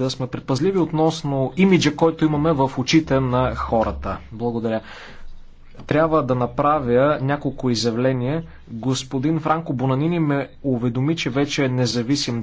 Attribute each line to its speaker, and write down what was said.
Speaker 1: да сме предпазливи относно имиджа, който имаме в очите на хората. Благодаря. Трябва да направя няколко изявления. Господин Франко Бонанини ме уведоми, че вече е независим депутат.